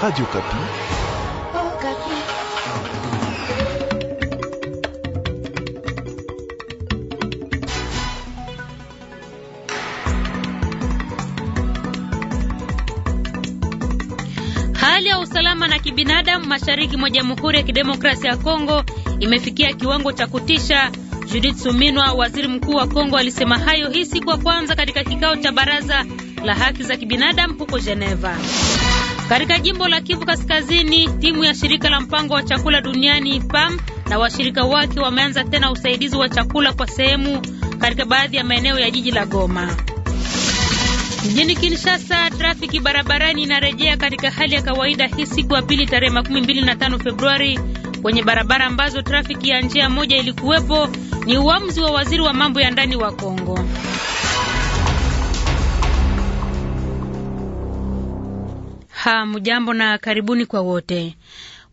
Radio Kapi. Oh, Kapi. Hali ya usalama na kibinadamu mashariki mwa Jamhuri ya Kidemokrasia ya Kongo imefikia kiwango cha kutisha. Judith Suminwa, waziri mkuu wa Kongo, alisema hayo hii siku ya kwanza katika kikao cha baraza la haki za kibinadamu huko Geneva. Katika jimbo la Kivu Kaskazini, timu ya shirika la mpango wa chakula duniani PAM na washirika wake wameanza tena usaidizi wa chakula kwa sehemu katika baadhi ya maeneo ya jiji la Goma. Mjini Kinshasa, trafiki barabarani inarejea katika hali ya kawaida hii siku ya pili tarehe 25 Februari. Kwenye barabara ambazo trafiki ya njia moja ilikuwepo, ni uamuzi wa waziri wa mambo ya ndani wa Kongo. Hamjambo na karibuni kwa wote.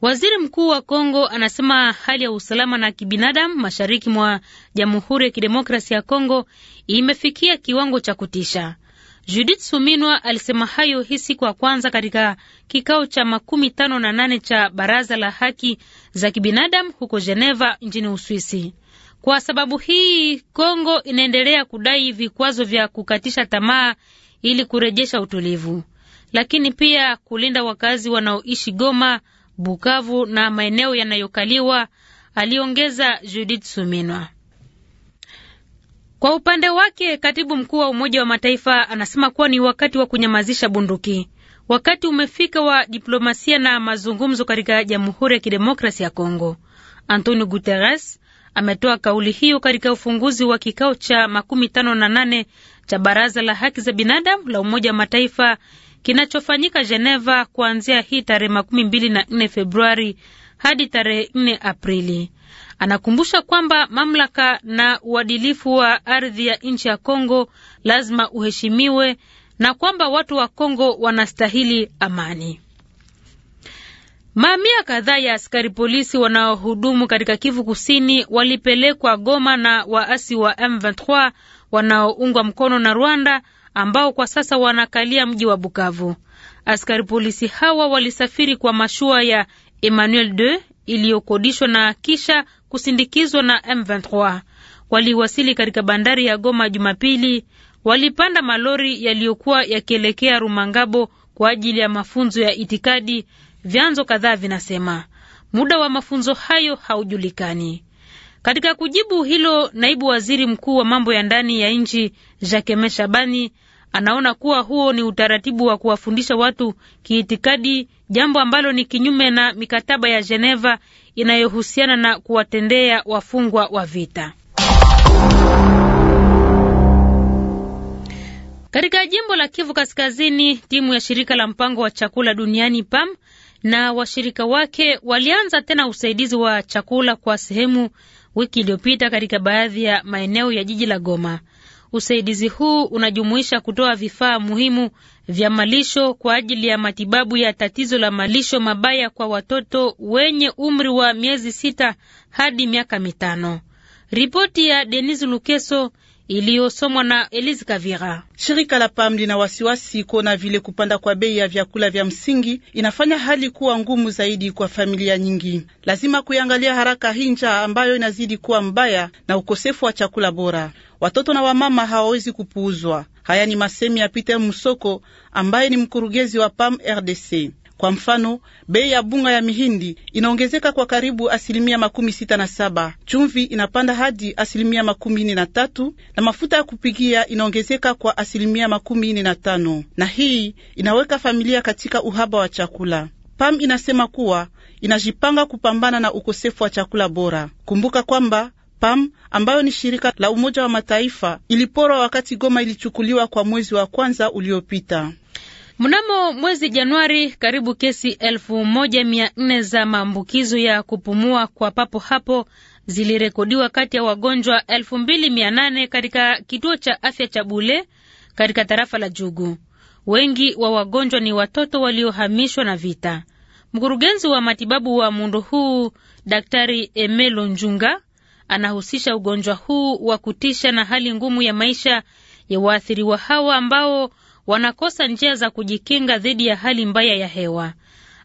Waziri mkuu wa Kongo anasema hali ya usalama na kibinadamu mashariki mwa Jamhuri ya Kidemokrasia ya Kongo imefikia kiwango cha kutisha. Judith Suminwa alisema hayo hii siku ya kwanza katika kikao cha makumi tano na nane cha Baraza la Haki za Kibinadamu huko Geneva nchini Uswisi. Kwa sababu hii, Kongo inaendelea kudai vikwazo vya kukatisha tamaa ili kurejesha utulivu lakini pia kulinda wakazi wanaoishi Goma, Bukavu na maeneo yanayokaliwa, aliongeza Judith Suminwa. Kwa upande wake, katibu mkuu wa Umoja wa Mataifa anasema kuwa ni wakati wa kunyamazisha bunduki. Wakati umefika wa diplomasia na mazungumzo katika Jamhuri ya Kidemokrasi ya Kongo. Antonio Guterres ametoa kauli hiyo katika ufunguzi wa kikao cha makumi tano na nane cha Baraza la Haki za Binadamu la Umoja wa Mataifa kinachofanyika Geneva kuanzia hii tarehe makumi mbili na nne Februari hadi tarehe nne Aprili. Anakumbusha kwamba mamlaka na uadilifu wa ardhi ya nchi ya Kongo lazima uheshimiwe na kwamba watu wa Kongo wanastahili amani. Mamia kadhaa ya askari polisi wanaohudumu katika Kivu Kusini walipelekwa Goma na waasi wa M23 wanaoungwa mkono na Rwanda ambao kwa sasa wanakalia mji wa Bukavu. Askari polisi hawa walisafiri kwa mashua ya Emmanuel 2 iliyokodishwa na kisha kusindikizwa na M23. Waliwasili katika bandari ya Goma Jumapili, walipanda malori yaliyokuwa yakielekea Rumangabo kwa ajili ya mafunzo ya itikadi, vyanzo kadhaa vinasema. Muda wa mafunzo hayo haujulikani. Katika kujibu hilo, naibu waziri mkuu wa mambo ya ndani ya nchi Jacquemain Shabani anaona kuwa huo ni utaratibu wa kuwafundisha watu kiitikadi, jambo ambalo ni kinyume na mikataba ya Geneva inayohusiana na kuwatendea wafungwa wa vita. Katika jimbo la Kivu Kaskazini, timu ya shirika la mpango wa chakula duniani PAM na washirika wake walianza tena usaidizi wa chakula kwa sehemu wiki iliyopita katika baadhi ya maeneo ya jiji la Goma. Usaidizi huu unajumuisha kutoa vifaa muhimu vya malisho kwa ajili ya matibabu ya tatizo la malisho mabaya kwa watoto wenye umri wa miezi sita hadi miaka mitano. Ripoti ya Denis Lukeso iliyosomwa na Elise Kavira. Shirika la PAM lina wasiwasi kuona vile kupanda kwa bei ya vyakula vya msingi inafanya hali kuwa ngumu zaidi kwa familia nyingi. Lazima kuiangalia haraka hii njaa ambayo inazidi kuwa mbaya na ukosefu wa chakula bora. Watoto na wamama hawawezi kupuuzwa. Haya ni masemi ya Peter Musoko ambaye ni mkurugenzi wa PAM RDC. Kwa mfano, bei ya bunga ya mihindi inaongezeka kwa karibu asilimia makumi sita na saba, chumvi inapanda hadi asilimia makumi nne na tatu na mafuta ya kupikia inaongezeka kwa asilimia makumi nne na tano na hii inaweka familia katika uhaba wa chakula. PAM inasema kuwa inajipanga kupambana na ukosefu wa chakula bora. Kumbuka kwamba PAM ambayo ni shirika la Umoja wa Mataifa iliporwa wakati Goma ilichukuliwa kwa mwezi wa kwanza uliopita. Mnamo mwezi Januari, karibu kesi elfu moja mia nne za maambukizo ya kupumua kwa papo hapo zilirekodiwa kati ya wagonjwa elfu mbili mia nane katika kituo cha afya cha Bule katika tarafa la Jugu. Wengi wa wagonjwa ni watoto waliohamishwa na vita. Mkurugenzi wa matibabu wa muundo huu Daktari Emelo Njunga anahusisha ugonjwa huu wa kutisha na hali ngumu ya maisha ya waathiriwa hawa ambao wanakosa njia za kujikinga dhidi ya hali mbaya ya hewa.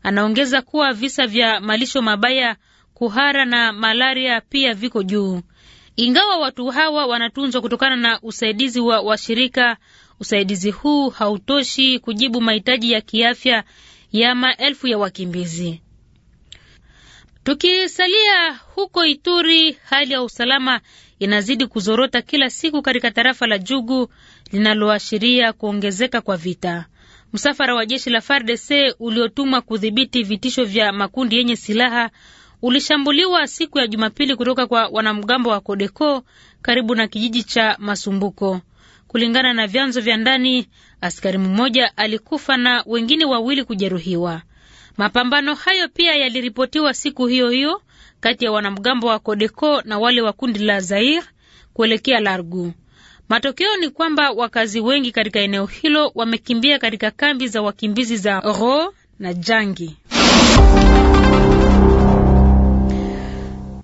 Anaongeza kuwa visa vya malisho mabaya, kuhara na malaria pia viko juu. Ingawa watu hawa wanatunzwa kutokana na usaidizi wa washirika, usaidizi huu hautoshi kujibu mahitaji ya kiafya ya maelfu ya wakimbizi. Tukisalia huko Ituri, hali ya usalama inazidi kuzorota kila siku katika tarafa la Jugu linaloashiria kuongezeka kwa vita. Msafara wa jeshi la FARDC uliotumwa kudhibiti vitisho vya makundi yenye silaha ulishambuliwa siku ya Jumapili kutoka kwa wanamgambo wa Kodeko karibu na kijiji cha Masumbuko. Kulingana na vyanzo vya ndani, askari mmoja alikufa na wengine wawili kujeruhiwa. Mapambano hayo pia yaliripotiwa siku hiyo hiyo kati ya wanamgambo wa Kodeko na wale wa kundi la Zair kuelekea Largu. Matokeo ni kwamba wakazi wengi katika eneo hilo wamekimbia katika kambi za wakimbizi za Ro na Jangi.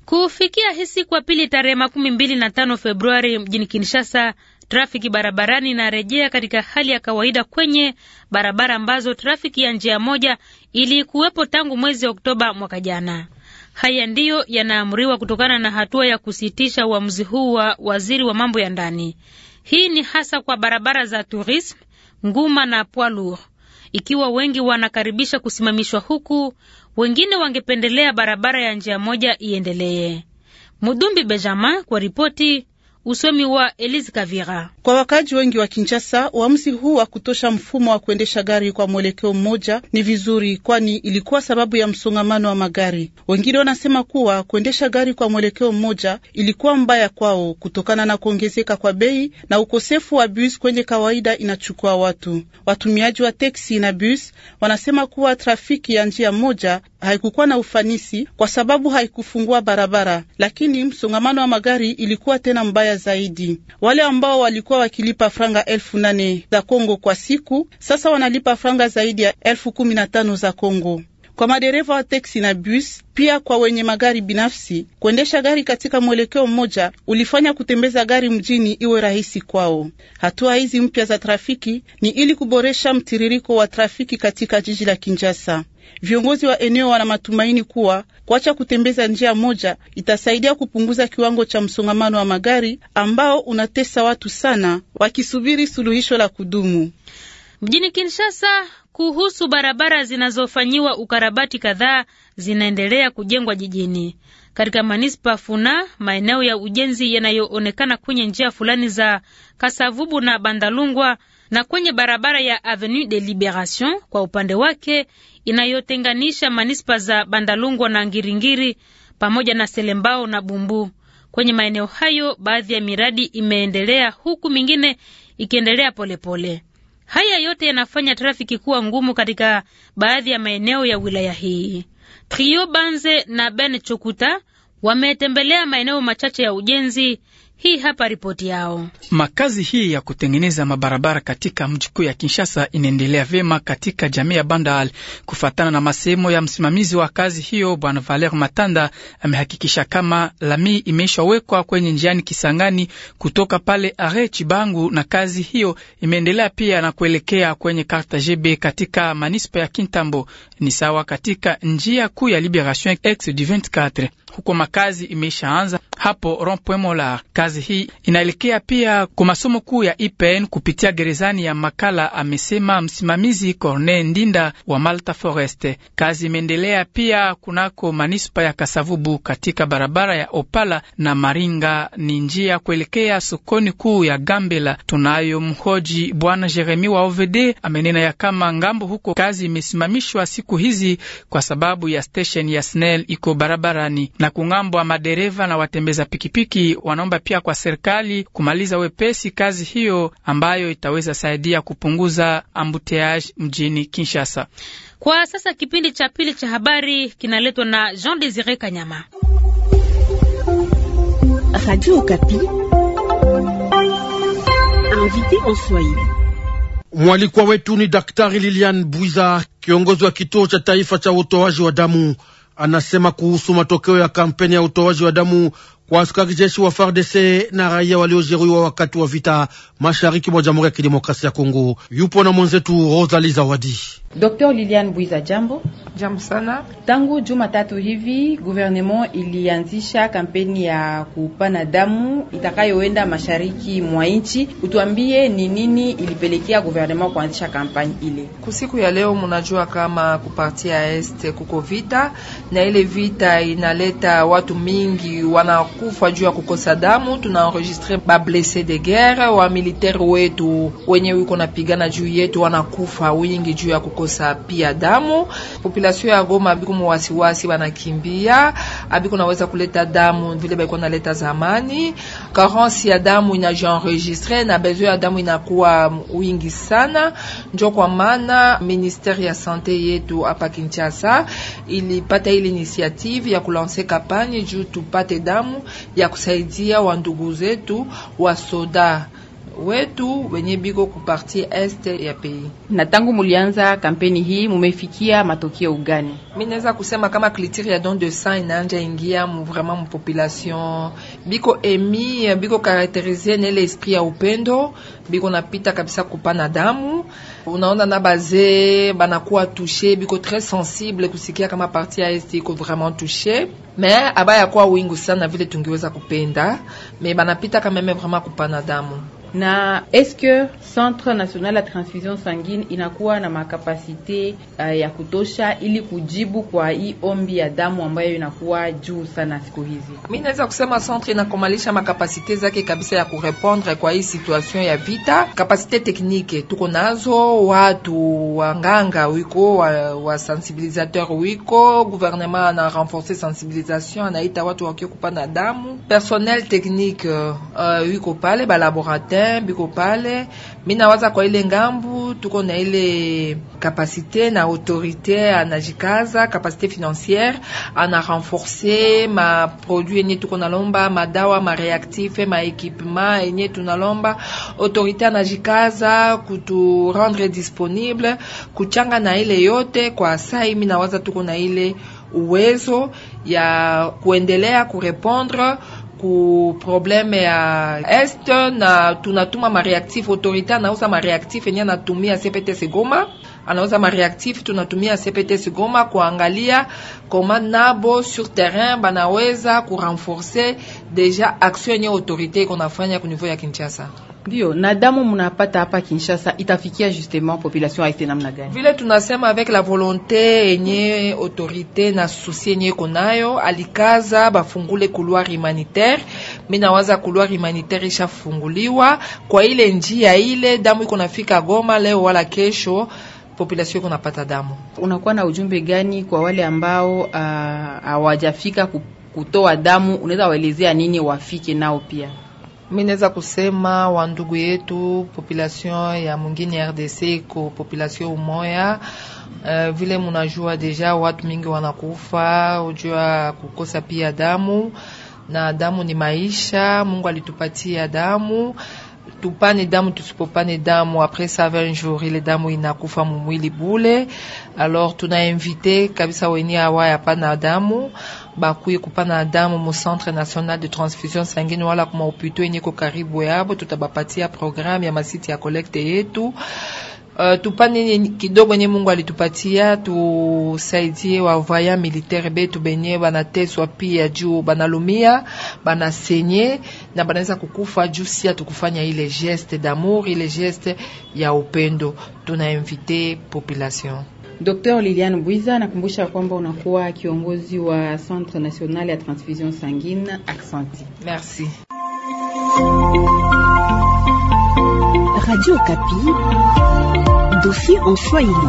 Kufikia hii siku ya pili tarehe makumi mbili na tano Februari mjini Kinshasa, trafiki barabarani inarejea katika hali ya kawaida kwenye barabara ambazo trafiki ya njia moja ilikuwepo tangu mwezi Oktoba mwaka jana. Haya ndiyo yanaamriwa kutokana na hatua ya kusitisha uamuzi huu wa waziri wa mambo ya ndani. Hii ni hasa kwa barabara za Tourisme, Nguma na Poids Lourds. Ikiwa wengi wanakaribisha kusimamishwa huku, wengine wangependelea barabara ya njia moja iendelee. Mudumbi Benjamin kwa ripoti Usomi wa Elise Kavira. Kwa wakaaji wengi wa Kinshasa, uamuzi huu wa kutosha mfumo wa kuendesha gari kwa mwelekeo mmoja ni vizuri, kwani ilikuwa sababu ya msongamano wa magari. Wengine wanasema kuwa kuendesha gari kwa mwelekeo mmoja ilikuwa mbaya kwao kutokana na kuongezeka kwa bei na ukosefu wa bus kwenye kawaida inachukua watu. Watumiaji wa teksi na bus wanasema kuwa trafiki ya njia moja haikukuwa na ufanisi kwa sababu haikufungua barabara, lakini msongamano wa magari ilikuwa tena mbaya mabaya zaidi. Wale ambao walikuwa wakilipa franga elfu nane za Kongo kwa siku sasa wanalipa franga zaidi ya elfu kumi na tano za Kongo kwa madereva wa teksi na bus, pia kwa wenye magari binafsi. Kuendesha gari katika mwelekeo mmoja ulifanya kutembeza gari mjini iwe rahisi kwao. Hatua hizi mpya za trafiki ni ili kuboresha mtiririko wa trafiki katika jiji la Kinshasa. Viongozi wa eneo wana matumaini kuwa kuacha kutembeza njia moja itasaidia kupunguza kiwango cha msongamano wa magari ambao unatesa watu sana, wakisubiri suluhisho la kudumu. Mjini Kinshasa, kuhusu barabara zinazofanyiwa ukarabati, kadhaa zinaendelea kujengwa jijini. Katika manispa Funa, maeneo ya ujenzi yanayoonekana kwenye njia fulani za Kasavubu na Bandalungwa na kwenye barabara ya Avenue de Liberation kwa upande wake inayotenganisha manispa za Bandalungwa na Ngiringiri pamoja na Selembao na Bumbu. Kwenye maeneo hayo baadhi ya miradi imeendelea huku mingine ikiendelea polepole pole. Haya yote yanafanya trafiki kuwa ngumu katika baadhi ya maeneo ya wilaya hii. Trio Banze na Ben Chokuta wametembelea maeneo machache ya ujenzi hii hapa ripoti yao. Makazi hii ya kutengeneza mabarabara katika mji kuu ya Kinshasa inaendelea vyema katika jamii ya Bandal. Kufuatana na masehemo ya msimamizi wa kazi hiyo, bwana Valer Matanda amehakikisha kama lami imeshawekwa kwenye njiani Kisangani kutoka pale are Chibangu, na kazi hiyo imeendelea pia na kuelekea kwenye karta GB katika manispa ya Kintambo, ni sawa katika njia kuu ya Liberation X du 24 huko makazi imeshaanza hapo Rond Point kazi hii inaelekea pia kwa masomo kuu ya IPN kupitia gerezani ya Makala, amesema msimamizi Corne Ndinda wa Malta Foreste. Kazi imeendelea pia kunako manispa ya Kasavubu katika barabara ya Opala na Maringa ni njia kuelekea sokoni kuu ya Gambela. Tunayo mhoji Bwana Jeremi wa OVD amenena ya kama ngambo huko kazi imesimamishwa siku hizi kwa sababu ya station ya SNEL iko barabarani na kungambwa madereva na watembeza pikipiki wanaomba pia pia kwa serikali kumaliza wepesi kazi hiyo ambayo itaweza saidia kupunguza ambuteage mjini Kinshasa. Kwa sasa kipindi cha pili cha habari kinaletwa na Jean Desire Kanyama. Mwalikwa wetu ni Daktari Lilian Bwiza, kiongozi wa kituo cha taifa cha utoaji wa damu. Anasema kuhusu matokeo ya kampeni ya utoaji wa damu kwa askari jeshi wa FARDC na raia waliojeruhiwa wakati wa vita mashariki mwa Jamhuri ya Kidemokrasia ya Kongo. Yupo na mwenzetu Rosalie Zawadi. Dr. Lilian Bwiza, jambo. Jambo sana. Tangu Jumatatu hivi gouvernement ilianzisha kampeni ya kupana damu itakayoenda mashariki mwa nchi. Utuambie ni nini ilipelekea gouvernement kuanzisha kampani ile? Kusiku ya leo, mnajua kama kupartia este kuko vita, na ile vita inaleta watu mingi wanakufa juu ya kukosa damu. Tunaenregistre ba blesse de guerre wa militaire wetu wenye wiko napigana juu yetu, wanakufa wingi juu ya kukosa kukosa pia damu. Population ya Goma biko muwasiwasi, wanakimbia abiko naweza kuleta damu vile baiko naleta zamani. Carence ya damu inajienregistre na bezo ya damu inakuwa wingi sana, njo kwa maana ministeri ya sante yetu hapa Kinshasa ilipata ile initiative ya kulanse kampanye juu tupate damu ya kusaidia wandugu zetu wa soda wetu wenye biko kuparti este ya pei. Na tangu mulianza kampeni hii mumefikia matokeo gani? Mimi naweza kusema kama klitiri ya don de sang inaanja ingia mu vraiment mu population biko emi biko karakterize na ile esprit ya upendo, biko napita kabisa kupana damu. Unaona na baze banakuwa touche biko tres sensible kusikia kama parti ya este iko vraiment touche, me abaya kwa wingu sana vile tungiweza kupenda me banapita kama meme vraiment kupana damu na eske Centre National ya Transfusion Sanguine inakuwa na makapasite uh, ya kutosha ili kujibu kwa hii ombi ya damu ambayo inakuwa juu sana siku hizi. Mimi naweza kusema centre inakomalisha makapasite zake kabisa ya kurepondre kwa hii situation ya vita. Kapasite teknike tuko nazo, watu wanganga wiko wa, wa sensibilisateur wiko, gouvernement ana renforce sensibilisation, anaita watu wakie kupana damu, personnel technique uh, wiko pale ba Jardin biko pale, mimi nawaza kwa ile ngambu tuko na ile kapasite na autorite anajikaza, kapasite financiere ana renforce ma produit yenye tuko nalomba, madawa ma reactive ma equipement yenye tunalomba. Autorite anajikaza kutu rendre disponible kuchanga na ile yote kwa saa hii, nawaza tuko na ile uwezo ya kuendelea kurepondre ku probleme ya est na tunatuma mareactif autorité anauza mareactif enye anatumia CPTC Goma, anauza mareactif tunatumia CPTC Goma kuangalia koma nabo sur terrain banaweza kurenforcer deja action enye autorité iko nafanya ku niveau ya Kinshasa. Ndio, na damu mnapata hapa Kinshasa itafikia justement population haite namna gani? Vile tunasema avec la volonté yenye autorité na susi yenye konayo alikaza bafungule couloir humanitaire. Mimi nawaza couloir humanitaire ishafunguliwa kwa ile njia ile, damu iko nafika Goma leo wala kesho population iko napata damu. Unakuwa na ujumbe gani kwa wale ambao ah, hawajafika uh, kutoa damu? Unaweza waelezea nini wafike nao pia? Mi naweza kusema wa ndugu yetu population ya mwingine RDC iko population umoya. Uh, vile munajua deja watu mingi wanakufa, ujua kukosa pia damu, na damu ni maisha. Mungu alitupatia damu, tupane damu, tusipopane damu après ça 20 jours ile damu inakufa mumwili bule. Alors tunainvite kabisa wenye awaya pana damu bakuye kupana damu mu Centre National de Transfusion Sanguine wala kuma upito yenye karibu yabo, tutabapatia programu ya masiti ya kolekte yetu. Uh, tupane kidogo nye Mungu alitupatia tusaidie wavaya militaire betu benye banateswa pia juu banalumia, banasenye na banaweza kukufa juu si tukufanya ile geste d'amour, ile geste ya upendo. Tunainvite population Dr. Liliane Bwiza anakumbusha kwamba unakuwa kiongozi wa Centre National ya Transfusion Sanguine Accenti. Merci. Radio Kapi, dossier en Swahili.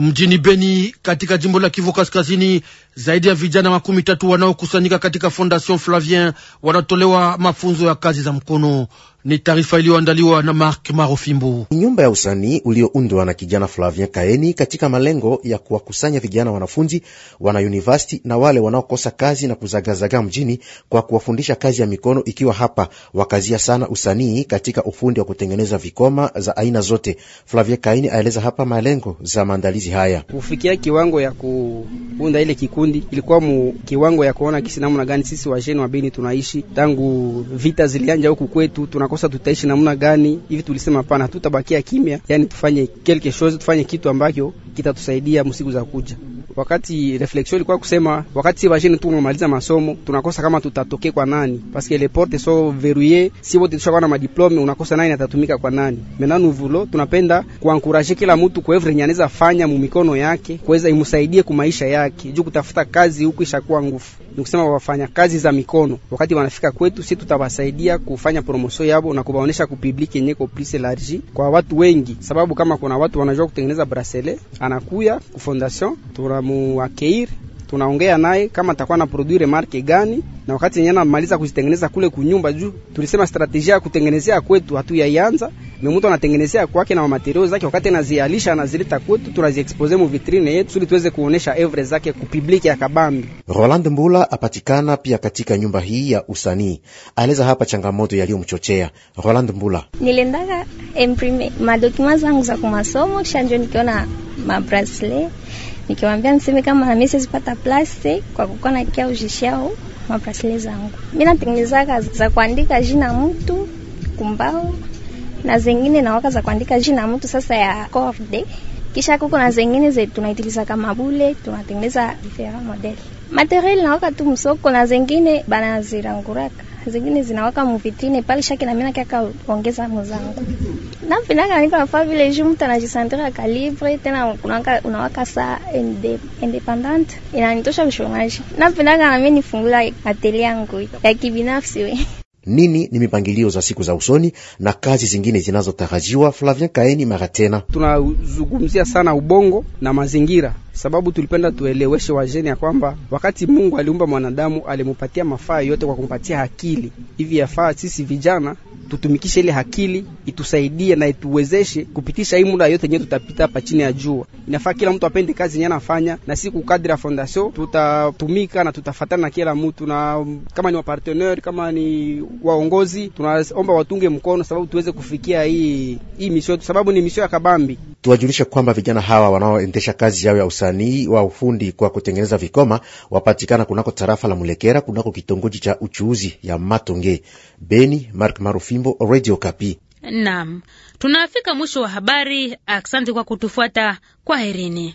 Mjini Beni katika jimbo la Kivu Kaskazini, zaidi ya vijana makumi tatu wanaokusanyika katika Fondation Flavien wanatolewa mafunzo ya kazi za mkono. Ni taarifa iliyoandaliwa na Mark Marofimbu. Ni nyumba ya usanii ulioundwa na kijana Flavien Kaeni katika malengo ya kuwakusanya vijana wanafunzi wana university na wale wanaokosa kazi na kuzagazaga mjini kwa kuwafundisha kazi ya mikono, ikiwa hapa wakazia sana usanii katika ufundi wa kutengeneza vikoma za aina zote. Flavien Kaeni aeleza hapa malengo za maandalizi haya. Kufikia kiwango ya kuunda ile kikundi ilikuwa mu kiwango ya kuona kisi namna gani sisi wajeni wabini tunaishi tangu vita zilianja huku kwetu tuna tunakosa tutaishi namna gani? Hivi tulisema hapana, hatutabakia kimya, yani tufanye quelque chose, tufanye kitu ambacho kitatusaidia msiku za kuja wakati reflection ilikuwa kusema wakati si bajene tu tunamaliza masomo tunakosa kama tutatoke kwa nani, parce que les portes sont verrouillées. Si wote tushakuwa na madiplome, unakosa nani atatumika kwa nani. Maintenant nous voulons, tunapenda kuankuraje kila mtu kwa evre nyaneza fanya mu mikono yake kuweza imsaidie kwa maisha yake, juu kutafuta kazi huku ishakuwa ngufu Nikusema wafanya kazi za mikono wakati wanafika kwetu, si tutawasaidia kufanya promotion yabo na kubaonesha ku public yenye ko plus large kwa watu wengi, sababu kama kuna watu wanajua kutengeneza bracelet anakuya ku fondation tuna muakeir tunaongea naye kama atakuwa na produire marke gani, na wakati yenyewe anamaliza kuzitengeneza kule kunyumba. Juu tulisema strategia ya kutengenezea kwetu hatuyaianza, ni mtu anatengenezea kwake na materials zake, wakati anazialisha anazileta kwetu, tunaziexpose mu vitrine yetu ili tuweze kuonesha evre zake ku public ya kabambi. Roland Mbula apatikana pia katika nyumba hii ya usanii, aeleza hapa changamoto yaliyomchochea Roland Mbula. nilendaga imprime madokima zangu za kumasomo kisha njo nikiona mabrasle nikiwaambia niseme kama nami siwezi pata plasti kwa kukuwa kia uzishao maprasile zangu. Mi natengenezaka za kuandika jina mtu kumbao na zengine nawaka za kuandika jina mtu sasa ya day. Kisha kuko na zengine ze tunaitiliza kama bule, tunatengeneza different model materiel nawaka tu msoko na zengine banaziranguraka zingine zinawaka muvitrine pale shaki na mimi nakaka ongeza mzangu na vinaka niko fa vile juu mtu anajisantra kalibre tena unawaka, unawaka saa inde, independent inanitosha kushomaji na vinaka na mimi nifungula ateli yangu ya kibinafsi we nini ni mipangilio za siku za usoni na kazi zingine zinazotarajiwa. Flavien Kaeni mara tena, tunazungumzia sana ubongo na mazingira, sababu tulipenda tueleweshe wajeni ya kwamba wakati Mungu aliumba mwanadamu alimupatia mafaa yote kwa kumpatia akili. Hivi yafaa sisi vijana tutumikishe ile hakili itusaidie na ituwezeshe kupitisha hii muda yote yenyewe tutapita hapa chini ya jua. Inafaa kila mtu apende kazi yenyewe anafanya, na si kukadri ya fondation tutatumika na tutafatana na kila mtu, na kama ni waparteneur, kama ni waongozi, tunaomba watunge mkono sababu tuweze kufikia hii hii misio, sababu ni misio ya kabambi. Tuwajulishe kwamba vijana hawa wanaoendesha kazi yao ya usanii wa ufundi kwa kutengeneza vikoma wapatikana kunako tarafa la Mulekera kunako kitongoji cha uchuuzi ya Matonge Beni Mark Marufi Fimbo, Radio Kapi. Naam, tunafika mwisho wa habari. Asante kwa kutufuata, kwaherini.